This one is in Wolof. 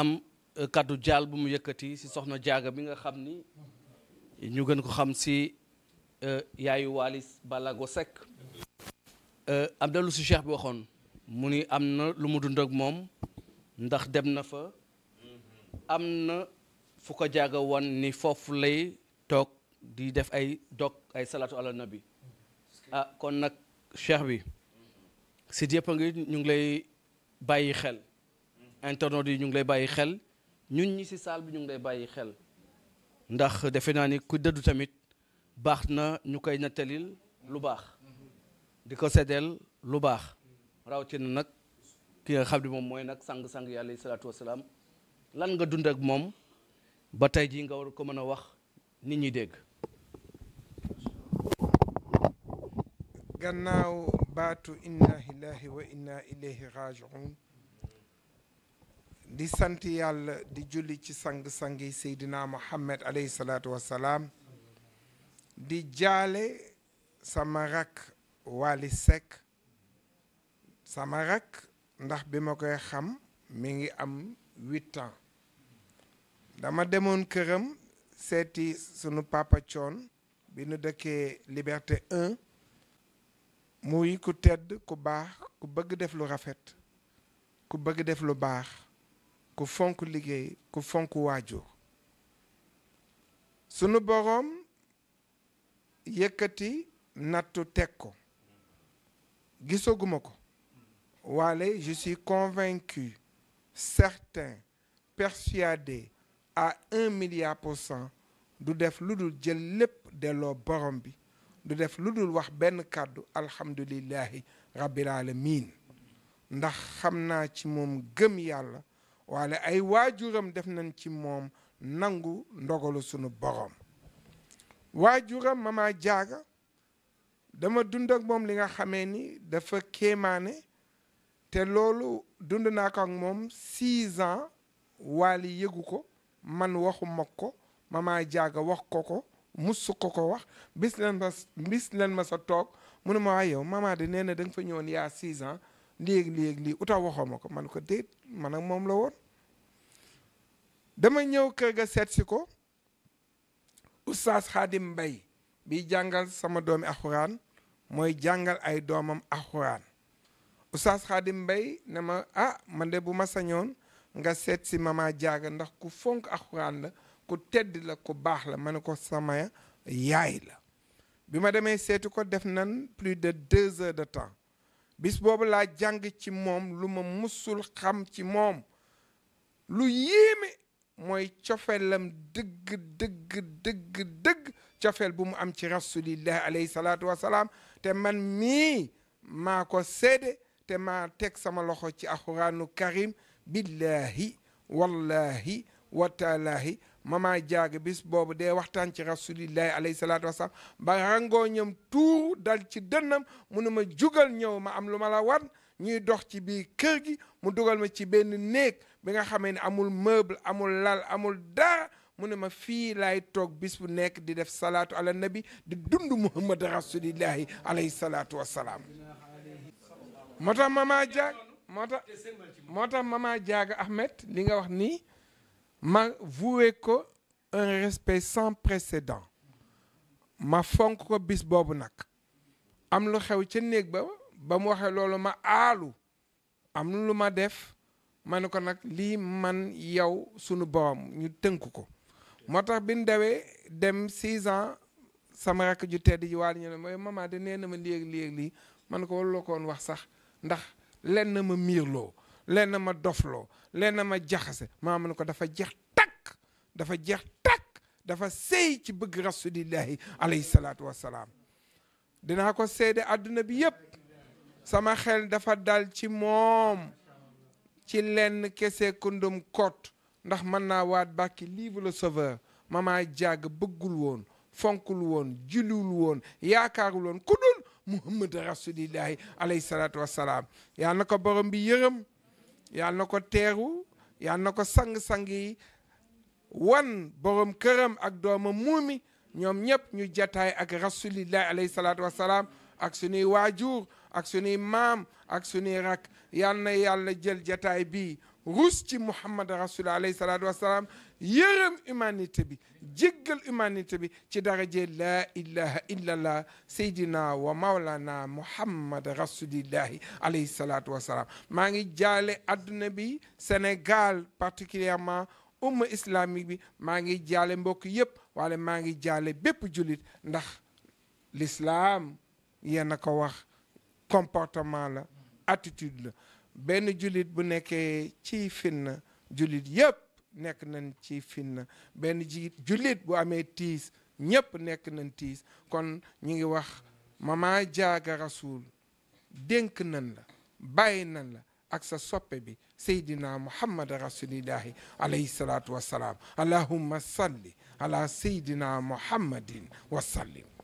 am euh, kàddu jaal bu mu yëkkati si soxna jaaga bi nga xam ni ñu gën ko xam si euh, yaayu waalis balago Seck euh, am na lu si cheikh bi waxoon mu ni am na lu mu dund moom ndax dem na fa am na fu ko jaaga wan ni foofu lay toog di def ay dog ay salaatu ala nabi ah kon nag cheikh bi si yëpp ngi ñu ngi lay bàyyi xel internet yi ñu ngi lay bàyyi xel ñun ñi ci saal bi ñu ngi lay bàyyi xel ndax defe naa ni ku dëddu tamit baax na ñu koy nettalil lu baax di ko seddeel lu baax rawatina nag ki nga xam ne moom mooy nag sang-sang yàlla salaatu wasalaam lan nga dund ak moom ba tey jii nga war ko mën a wax nit ñi dégg gannaaw baatu inna lillahi wa inna di sant yàlla di julli ci sang-sang yi seydina Muhammad alayhi salaatu salaam di jaale sama rak Wally Seck sama rak ndax bi ma koy xam mi ngi am huit ans dama demoon këram seeti sunu papa coon bi nu dëkkee liberté 1 muy ku tedd ku baax ku bëgg def lu rafet ku bëgg def lu baax ku fonk liggéey ku fonk waajur sunu borom yëkkati nattu teg ko gisaguma ko waale je suis convaincu certain persuadé à un milliard pour cent du def lu dul jël lépp delloo borom bi du def lu dul wax benn kàddu alhamdulillahi rabbil alamin ndax xam naa ci moom gëm yàlla waale ay waajuram def nañ ci moom nangu ndogalu sunu borom waajuram mama jaaga dama dund ak moom li nga xamee ni dafa kéemaane te loolu dund naa ko ak moom six ans waali yëgu ko man waxu ma ko mama jaaga wax ko ko musu ko ko wax bis leen ma bis leen ma sa toog mu ne ma waay yow mama de nee na da nga fa ñëwoon yaa six ans léegi li lii uta waxoo ma ko man ko déet man moom la woon dama ñëw kër ga seet si ko oustaz xaadim mbay bi jàngal sama doomi alxuraan mooy jàngal ay doomam alxuraan oustaz xaadim mbay ne ma ah man de bu ma sañoon nga seet si mama jaaga ndax ku fonk alxuraan la ku tedd la ku baax la ma ne ko sama yaay la bi ma demee seeti ko def nan plus de deux heures de temps bis boobu laa jàng ci moom lu ma musul xam ci moom lu yéeme mooy cofelam dëgg dëgg dëgg dëgg cofel bu mu am ci rasulillah alayhi salaatu wasalaam te man mii maa ko séede te maa teg sama loxo ci alxuraanu karim billahi wallahi wataalaahi mama jaag bis boobu dee waxtaan ci rasulillahi alayhi salaatu wasalaam ba rangoo ñam tuuru dal ci dënnam munuma jugal ñëw ma am lu ma la wan ñuy dox ci biir kër gi mu dugal ma ci benn néeg bi nga xamee ne amul meuble amul lal amul dara mu ne ma fii lay toog bis bu nekk di def salaatu ala nabi di dund muhammad rasulillahi alayhi salaatu wassalaam moo tax mama jaag moo tax moo tax mama jaaga Ahmed li nga wax nii ma voué ko un respect sans précédent ma fonk ko bis boobu nag am lu xew ca néeg ba ba mu waxee loolu ma aalu am lu ma def ma ne ko nag lii man yow sunu boroom ñu tënk ko moo tax bi ñu dawee dem six sama rakk ju tedd ji waal ñu ne mooy maman de nee na ma léeg léeg lii man ko waruloo ko wax sax ndax lenn ma miirloo lenn ma dofloo lenn ma jaxase maa ma ne ko dafa jeex takk dafa jeex takk dafa sëy ci bëgg rasulillahi alayhi salaatu wassalaam dinaa ko seede àdduna bi yépp sama xel dafa dal ci moom ci lenn kese kundum kot ndax mën naa waat bàkki livre le sauveur mama jàgg bëggul woon fonkul woon julul woon yaakaarul woon ku dul muhammad rasulillahi alayhi salaatu wassalaam yal na ko borom bi yërëm yal na ko teeru yal na ko sang-sang wan borom këram ak doomam muumi ñoom ñëpp ñu jataay ak rasulillahi alayhi salaatu wassalaam ak suñuy waajur ak sunuy maam ak sunuy rak yal na yàlla jël jataay bi rus ci muhammad rasul alayhi salaatu wassalaam yërëm humanité bi jéggal humanité bi ci daraje laa ilaha illa allah wa maolana muhammad rasulillahi alayhi salaatu wassalaam maa ngi jaale adduna bi sénégal particulièrement umma islamique bi maa ngi jaale mbokk yépp waale maa ngi jaale bépp jullit ndax l'islaam yéen a ko wax comportement la attitude la benn jullit bu nekkee ci fitna jullit yëpp nekk nañ ci fitna benn jiit jullit bu amee tiis ñëpp nekk nañ tiis kon ñu ngi wax mama jaaga rasul dénk nañ la bàyyi nañ la ak sa soppe bi seydina muhammad rasulillahi alayhi salaatu allahumma salli ala seydina muhammadin wasallim